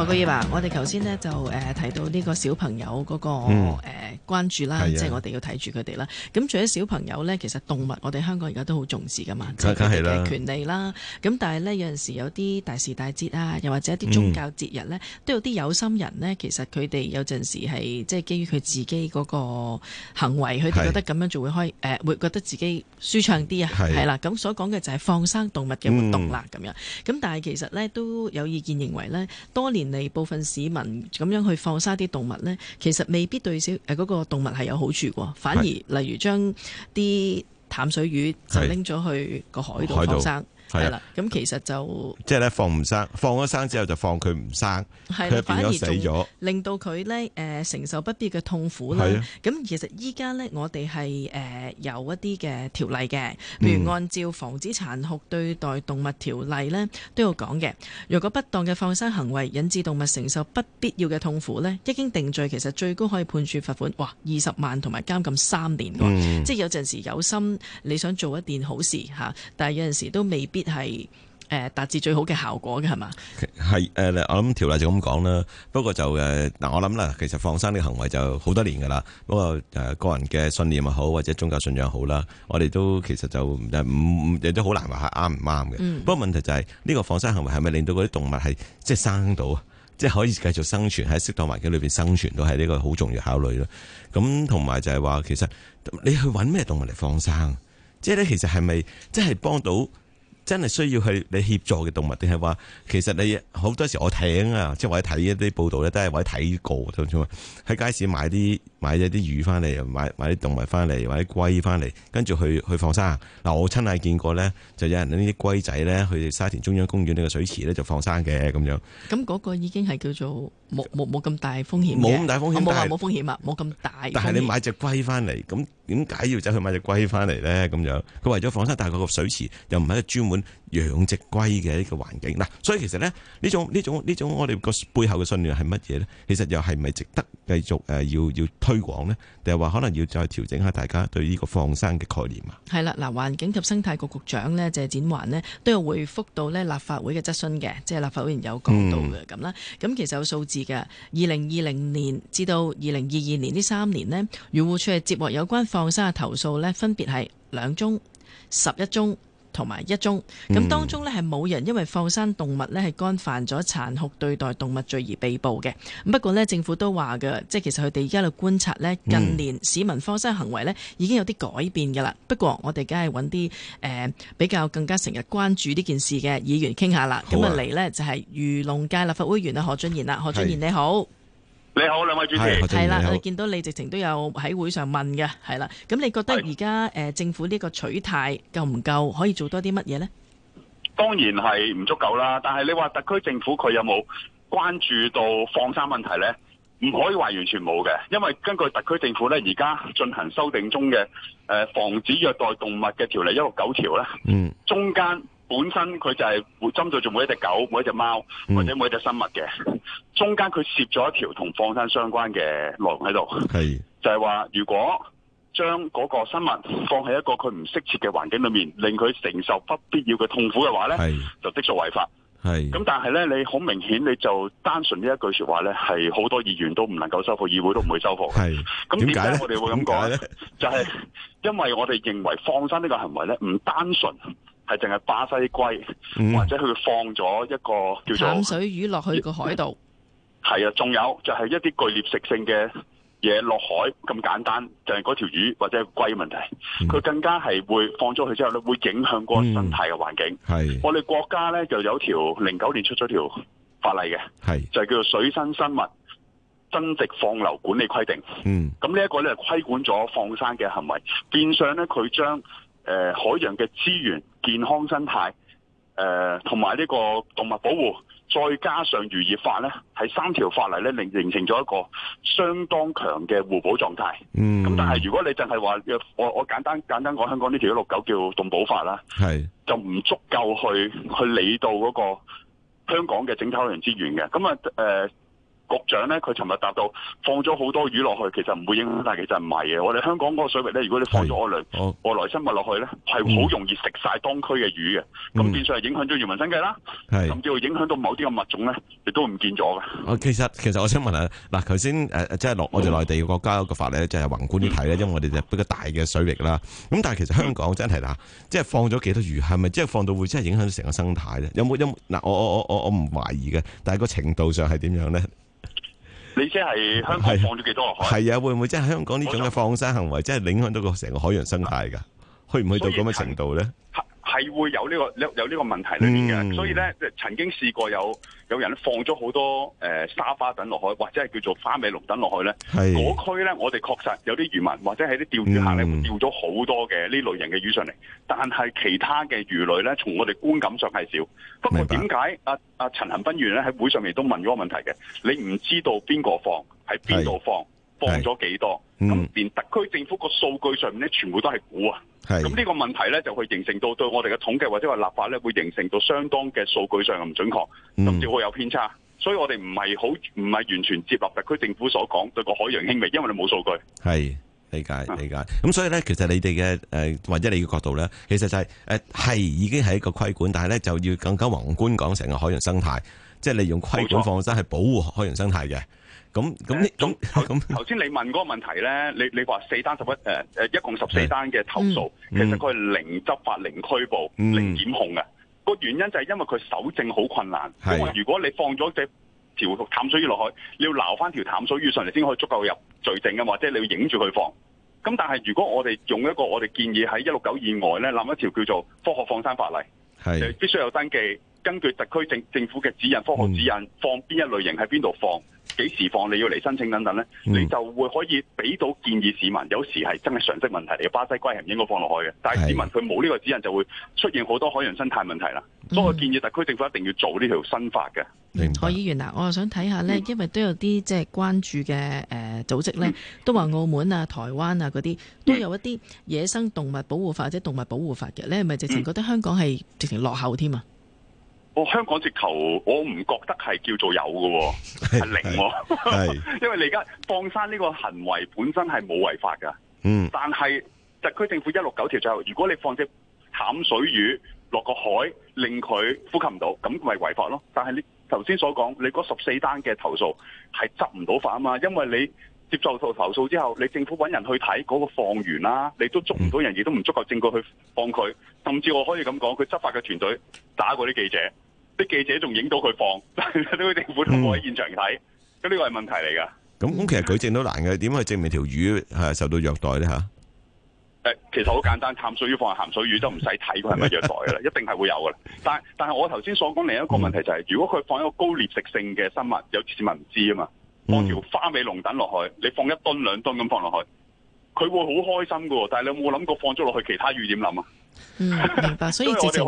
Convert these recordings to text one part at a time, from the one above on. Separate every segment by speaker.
Speaker 1: 啊、我哋頭先咧就、呃、提到呢個小朋友嗰、那個關、嗯呃、關注啦，即係我哋要睇住佢哋啦。咁除咗小朋友咧，其實動物我哋香港而家都好重視噶嘛，即係佢嘅權利啦。咁、啊、但係咧有陣時有啲大時大節啊，又或者一啲宗教節日咧，嗯、都有啲有心人咧，其實佢哋有陣時係即係基於佢自己嗰個行為，佢哋覺得咁樣就會開誒、呃，會覺得自己舒暢啲啊，係啦。咁所講嘅就係放生動物嘅活動啦，咁、嗯、樣。咁但係其實咧都有意見認為咧，多年。你部分市民咁樣去放生啲動物咧，其實未必對小誒、嗰個動物係有好處，反而是例如將啲淡水魚就拎咗去個海度放生。係啦，咁其實就
Speaker 2: 即係咧放唔生，放咗生之後就放佢唔生，
Speaker 1: 係反而死咗，令到佢咧誒承受不必要嘅痛苦啦。咁其實依家咧我哋係誒有一啲嘅條例嘅，譬如按照防止殘酷對待動物條例咧，嗯、都有講嘅，若果不當嘅放生行為引致動物承受不必要嘅痛苦咧，一經定罪，其實最高可以判處罰款，哇二十萬同埋監禁三年嘅，嗯，即係有陣時有心你想做一件好事吓，但係有陣時都未必。係誒，達至最好嘅效果嘅係嘛？
Speaker 2: 係誒，我諗條例就咁講啦。不過就誒，嗱，我諗啦，其實放生呢個行為就好多年噶啦。不過誒，個人嘅信念又好，或者宗教信仰也好啦，我哋都其實就唔亦都好難話係啱唔啱嘅。不過問題就係呢個放生行為係咪令到嗰啲動物係即係生到，即係可以繼續生存喺適當環境裏邊生存，都係呢個好重要的考慮咯。咁同埋就係話，其實你去搵咩動物嚟放生，即係咧，其實係咪即係幫到？真係需要去你協助嘅動物，定係話其實你好多時我睇啊，即係或者睇一啲報道咧，都係或者睇過，就咁喺街市買啲。買咗啲魚翻嚟，買買啲動物翻嚟，或者龜翻嚟，跟住去去放生。嗱，我親眼見過咧，就有人呢啲龜仔咧，去沙田中央公園呢個水池咧就放生嘅咁樣。
Speaker 1: 咁嗰個已經係叫做冇冇冇咁大風險，冇咁大風險，冇話冇風險啊，冇咁大。但係你買
Speaker 2: 隻龜翻嚟，咁點解要走去買隻龜翻嚟咧？咁樣佢為咗放生，但係個水池又唔係一專門養殖龜嘅呢個環境。嗱，所以其實咧，呢種呢種呢種我哋個背後嘅信念係乜嘢咧？其實又係咪值得繼續誒？要要？推廣呢，定係話可能要再調整下大家對呢個放生嘅概念啊？
Speaker 1: 係啦，嗱，環境及生態局局長呢，謝展寰呢，都有回復到呢立法會嘅質詢嘅，即係立法會議員有講到嘅咁啦。咁、嗯、其實有數字嘅，二零二零年至到二零二二年呢三年呢，漁護處係接獲有關放生嘅投訴呢，分別係兩宗、十一宗。同埋一宗，咁當中呢，係冇人因為放生動物呢，係干犯咗殘酷對待動物罪而被捕嘅。不過呢，政府都話嘅，即係其實佢哋而家喺度觀察呢，近年市民放生行為呢，已經有啲改變嘅啦。不過我哋梗係揾啲誒比較更加成日關注呢件事嘅議員傾下啦。咁啊嚟呢就係漁農界立法會議員啊何俊賢啦，何俊賢你好。
Speaker 3: 你好，兩位主持人。係啦，我哋見
Speaker 1: 到你直情都有喺會上問嘅，係啦。咁你覺得而家誒政府呢個取態夠唔夠？可以做多啲乜嘢呢？
Speaker 3: 當然係唔足夠啦。但係你話特區政府佢有冇關注到放生問題呢？唔可以話完全冇嘅，因為根據特區政府呢而家進行修訂中嘅誒防止虐待動物嘅條例一六九條呢嗯中間。本身佢就係會針對住每一隻狗、每一隻貓或者每一隻生物嘅、嗯，中間佢攝咗一條同放生相關嘅內容喺度。
Speaker 2: 係
Speaker 3: 就係話，如果將嗰個生物放喺一個佢唔適切嘅環境裏面，令佢承受不必要嘅痛苦嘅話咧，就的確違法。係咁，但係咧，你好明顯，你就單純呢一句說話咧，係好多議員都唔能夠收復議會都唔會收復。係咁點解我哋會咁講咧？就係、是、因為我哋認為放生呢個行為咧，唔單純。係淨係巴西龜、嗯，或者佢放咗一個叫做水魚落去個海度，係、嗯、啊，仲有就係一啲巨獵食性嘅嘢落海咁簡單，就係嗰條魚或者龜問題，佢、嗯、更加係會放咗佢之後咧，會影響嗰個生態嘅環境。係、嗯、我哋國家咧就有條零九年出咗條法例嘅，係就係叫做《水生生物增殖放流管理規定》。嗯，咁呢一個咧規管咗放生嘅行為，變相咧佢將。誒、呃、海洋嘅資源、健康生態，誒同埋呢個動物保護，再加上漁業法咧，係三條法例咧，形形成咗一個相當強嘅互補狀態。
Speaker 2: 嗯，咁但係
Speaker 3: 如果你淨係話我我簡單簡單講，香港呢條六九叫動保法啦，係就唔足夠去去理到嗰個香港嘅整體海洋資源嘅。咁啊誒局長呢，佢尋日答到放咗好多魚落去，其實唔會影響，但係，其實唔係嘅？我哋香港嗰個水域呢，如果你放咗外來外來生物落去呢，係、嗯、好容易食晒當區嘅魚嘅，咁變相係影響咗漁民生計啦，甚至乎影響到某啲嘅物種呢，亦都唔見咗嘅。
Speaker 2: 其實其實我想問下，嗱頭先即係我哋內地嘅國家一個法例咧，即係宏觀啲睇呢，因為我哋就比較大嘅水域啦。咁、嗯、但係其實香港真係啦，即係放咗幾多魚係咪？是是即係放到會真係影響成個生態呢？有冇有嗱？我我我我唔懷疑嘅，但係個程度上係點樣呢？
Speaker 3: 你即係香港放咗幾多落
Speaker 2: 海？係啊，會唔會即係香港呢種嘅放生行為，即係影響到個成個海洋生態㗎？去唔去到咁嘅程度咧？
Speaker 3: 係會有呢、這個有呢個問題裏面嘅、嗯，所以咧曾經試過有有人放咗好多誒、呃、沙花等落去，或者係叫做花尾龍等落去咧。嗰區咧，我哋確實有啲漁民或者係啲釣魚客咧，釣咗好多嘅呢類型嘅魚上嚟。但係其他嘅魚類咧，從我哋觀感上係少。不過點解阿阿陳恒斌議員咧喺會上面都問咗個問題嘅？你唔知道邊個放、喺邊度放，放咗幾多？咁連特區政府個數據上面咧，全部都係估啊！係，咁呢個問題咧就會形成到對我哋嘅統計或者話立法咧，會形成到相當嘅數據上唔準確，甚至會有偏差。所以我哋唔係好唔係完全接納特區政府所講對個海洋輕微，因為你冇數據。
Speaker 2: 係理解理解。咁所以咧，其實你哋嘅誒或者你嘅角度咧，其實就係誒係已經係一個規管，但係咧就要更加宏觀講成個海洋生態，
Speaker 3: 即係利用規管放生去保護海洋生態嘅。咁咁，咁頭先你問嗰個問題咧，你你話四單十一誒、誒，一共十四單嘅投訴，嗯、其實佢係零執法、零拘捕、嗯、零檢控嘅。個原因就係因為佢搜證好困難，因為如果你放咗隻條淡水魚落去，你要撈翻條淡水魚上嚟先可以足夠入罪證嘅嘛，即係你要影住佢放。咁但係如果我哋用一個我哋建議喺一六九以外咧，諗一條叫做科學放生法例，係必須有登記，根據特區政政府嘅指引、科學指引、嗯、放邊一類型喺邊度放。幾時放你要嚟申請等等呢？你就會可以俾到建議市民。有時係真係常識問題嚟嘅，巴西龜係唔應該放落去嘅。但係市民佢冇呢個指引，就會出現好多海洋生態問題啦。所以我建議特區政府一定要做呢條新法嘅。明，
Speaker 1: 何議員嗱、啊，我又想睇下呢，因為都有啲即係關注嘅誒組織呢，都話澳門啊、台灣啊嗰啲都有一啲野生動物保護法或者動物保護法嘅。你係咪直情覺得香港係直情落後添啊？
Speaker 3: 我、哦、香港直頭，我唔覺得係叫做有嘅、哦，係 零、哦。 因為你而家放生呢個行為本身係冇違法㗎，嗯，但係特區政府一六九條最後，如果你放隻淡水魚落個海，令佢呼吸唔到，咁咪違法咯。但係你頭先所講，你嗰十四單嘅投訴係執唔到法啊嘛，因為你。接受到投訴之後，你政府揾人去睇嗰、嗰個放完啦，你都捉唔到人，亦都唔足夠證據去放佢。甚至我可以咁講，佢執法嘅團隊打過啲記者，啲記者仲影到佢放，都啲政府都冇喺現場睇，咁、嗯、呢個係問題嚟㗎。
Speaker 2: 咁、嗯、其實舉證都難嘅，點去證明條魚係受到虐待呢？嚇？
Speaker 3: 其實好簡單，淡水魚放喺鹹水魚，就唔使睇佢係咪虐待㗎啦， 一定係會有㗎啦。但但係我頭先所講另一個問題就係、是，如果佢放一個高掠食性嘅生物，有市民唔知啊嘛。嗯、放條花尾龍躉落去，你放一噸兩噸咁放落去，佢會好開心噶。但係你有冇諗過放咗落去其他魚點諗啊？嗯，
Speaker 1: 明白，所以之前。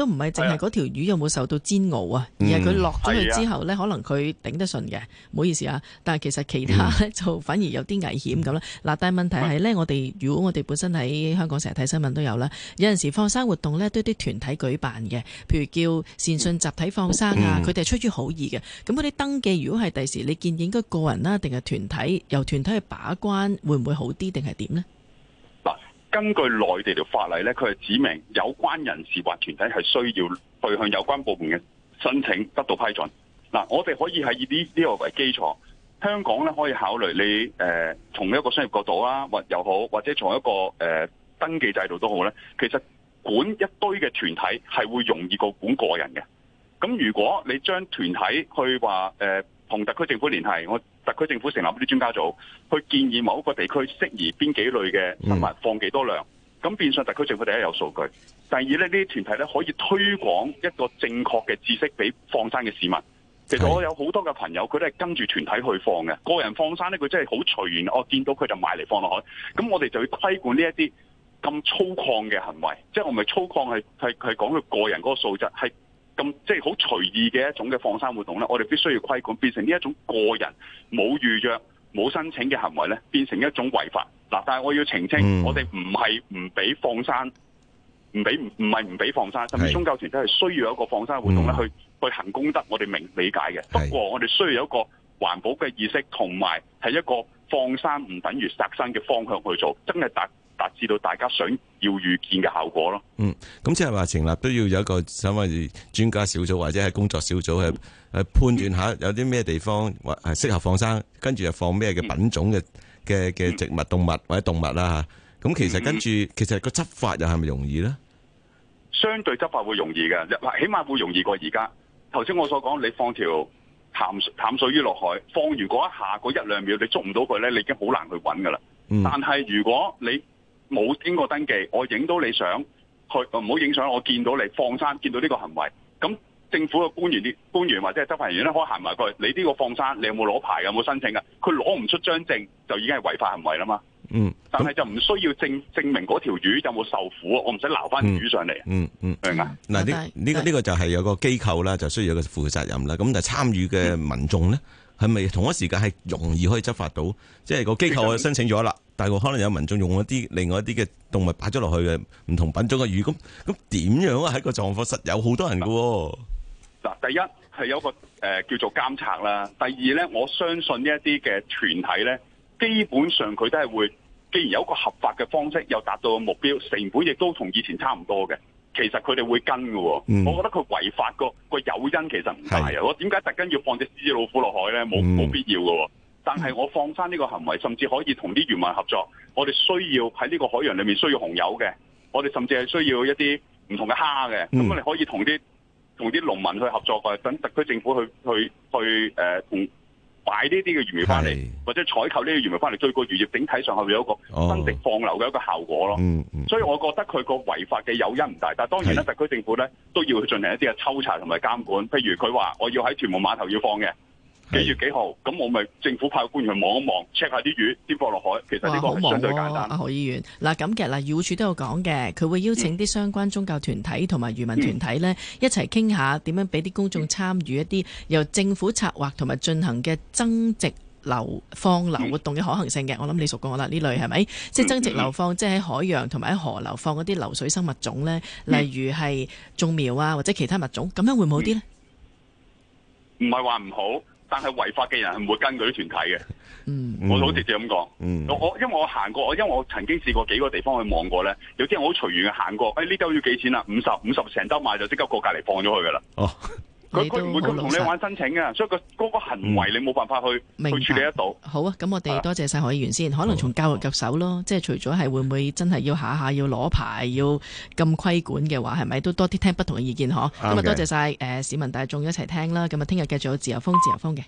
Speaker 1: 都唔係淨係嗰條魚有冇受到煎熬啊、哎，而係佢落咗去之後呢、嗯啊，可能佢頂得順嘅。唔好意思啊，但係其實其他呢，就反而有啲危險咁啦。嗱、嗯，但係問題係呢，我、哎、哋如果我哋本身喺香港成日睇新聞都有啦，有陣時放生活動呢，都啲團體舉辦嘅，譬如叫善信集體放生啊，佢、嗯、哋係出於好意嘅。咁佢啲登記，如果係第時你建議應該個人啦，定係團體由團體去把關，會唔會好啲定係點呢？
Speaker 3: 根據內地條法例咧，佢係指明有關人士或團體係需要去向有關部門嘅申請得到批准。嗱、啊，我哋可以係以呢呢個為基礎，香港咧可以考慮你誒、呃、從一個商業角度啦，或又好，或者從一個、呃、登記制度都好咧。其實管一堆嘅團體係會容易過管個人嘅。咁如果你將團體去話誒同特區政府聯繫，我。特區政府成立呢啲專家組，去建議某一個地區適宜邊幾類嘅生物放幾多量，咁、嗯、變相特區政府第一有數據，第二咧呢啲團體咧可以推廣一個正確嘅知識俾放生嘅市民。其實我有好多嘅朋友，佢都係跟住團體去放嘅，個人放生咧佢真係好隨緣，我見到佢就買嚟放落海。咁我哋就要規管呢一啲咁粗獷嘅行為，即係我咪粗獷係係係講佢個人嗰個素質係咁即係好隨意嘅一種嘅放生活動咧，我哋必須要規管，變成呢一種個人冇預約冇申請嘅行為咧，變成一種違法。嗱，但係我要澄清，嗯、我哋唔係唔俾放生，唔俾唔係係唔俾放生，甚至宗教團體係需要有一個放生活動咧，去、嗯、去行功德，我哋明理解嘅、嗯。不過我哋需要有一個環保嘅意識，同埋係一個放生唔等於殺生嘅方向去做，真係大。達至到大家想要預見嘅效果咯。嗯，
Speaker 2: 咁即係話成立都要有一個所謂專家小組或者係工作小組去，誒判斷下有啲咩地方或係適合放生，跟住又放咩嘅品種嘅嘅嘅植物、動物或者動物啦嚇。咁其實跟住其實個執法又係咪容易咧？
Speaker 3: 相對執法會容易嘅，唔係起碼會容易過而家。頭先我所講，你放條淡淡水魚落海，放完嗰下個一兩秒你捉唔到佢咧，你已經好難去揾噶啦。但係如果你冇經過登記，我影到你相，去唔好影相，我見到你放生，見到呢個行為，咁政府嘅官員啲官員或者係執法人員咧，可以行埋過去，你呢個放生，你有冇攞牌，有冇申請？佢攞唔出張證，就已經係違法行為啦嘛。
Speaker 2: 嗯，
Speaker 3: 但係就唔需要證證明嗰條魚有冇受苦，我唔使撈翻魚上嚟。
Speaker 2: 嗯嗯，明嗱呢呢個呢、呢個就係有個機構啦，就需要有個負責任啦。咁但係參與嘅民眾咧，係咪同一時間係容易可以執法到？即係個機構我申請咗啦。但係可能有民眾用一啲另外一啲嘅動物擺咗落去嘅唔同品種嘅魚，咁咁點樣啊？喺個狀況實有好多人嘅。
Speaker 3: 嗱，第一係有一個誒、呃、叫做監察啦，第二咧，我相信這些呢一啲嘅團體咧，基本上佢都係會，既然有一個合法嘅方式，又達到個目標，成本亦都同以前差唔多嘅。其實佢哋會跟嘅、喔，嗯、我覺得佢違法個個誘因其實唔大啊。我點解特登要放隻獅子老虎落海咧？冇冇、嗯、必要嘅、喔。但係我放生呢個行為，甚至可以同啲漁民合作。我哋需要喺呢個海洋裏面需要紅油嘅，我哋甚至係需要一啲唔同嘅蝦嘅。咁我哋可以同啲同啲農民去合作，等特區政府去去去誒，同擺呢啲嘅魚苗翻嚟，或者採購呢啲魚苗翻嚟，對個漁業整體上係有一個增值放流嘅一個效果咯、哦嗯嗯。所以我覺得佢個違法嘅誘因唔大，但係當然呢特區政府咧都要去進行一啲嘅抽查同埋監管。譬如佢話我要喺屯門碼頭要放嘅。幾月幾號？咁我咪政府派官員去望一望，check 下啲魚先放落海。其實呢個係相對簡單。阿何
Speaker 1: 議員，嗱咁嘅嗱漁護署都有講嘅，佢會邀請啲相關宗教團體同埋漁民團體咧，一齊傾下點樣俾啲公眾參與一啲由政府策劃同埋進行嘅增殖流放流活動嘅可行性嘅。我諗你熟過我啦，呢類係咪？即係增殖流放，即係喺海洋同埋喺河流放嗰啲流水生物種咧，例如係種苗啊或者其他物種，咁樣會唔好啲咧？
Speaker 3: 唔係話唔好。但係違法嘅人係唔會跟嗰啲團體嘅，mm -hmm. 我好直接咁講。Mm -hmm. 我我因為我行過，我因為我曾經試過幾個地方去望過咧，有啲人好隨緣嘅行過，誒呢兜要幾錢啦、啊？五十五十成兜買就即刻過隔離放咗佢㗎啦。Oh. 佢佢唔會同你玩申請嘅，所以個嗰個行為你冇辦法去去處理得到。
Speaker 1: 嗯、好謝謝啊，咁我哋多謝晒何議員先。可能從教育入手咯，即係除咗係會唔會真係要下下要攞牌要咁規管嘅話，係咪都多啲聽不同嘅意見？嗬。咁啊，多謝晒誒市民大眾一齊聽啦。咁啊，聽日繼續有自由風自由風嘅。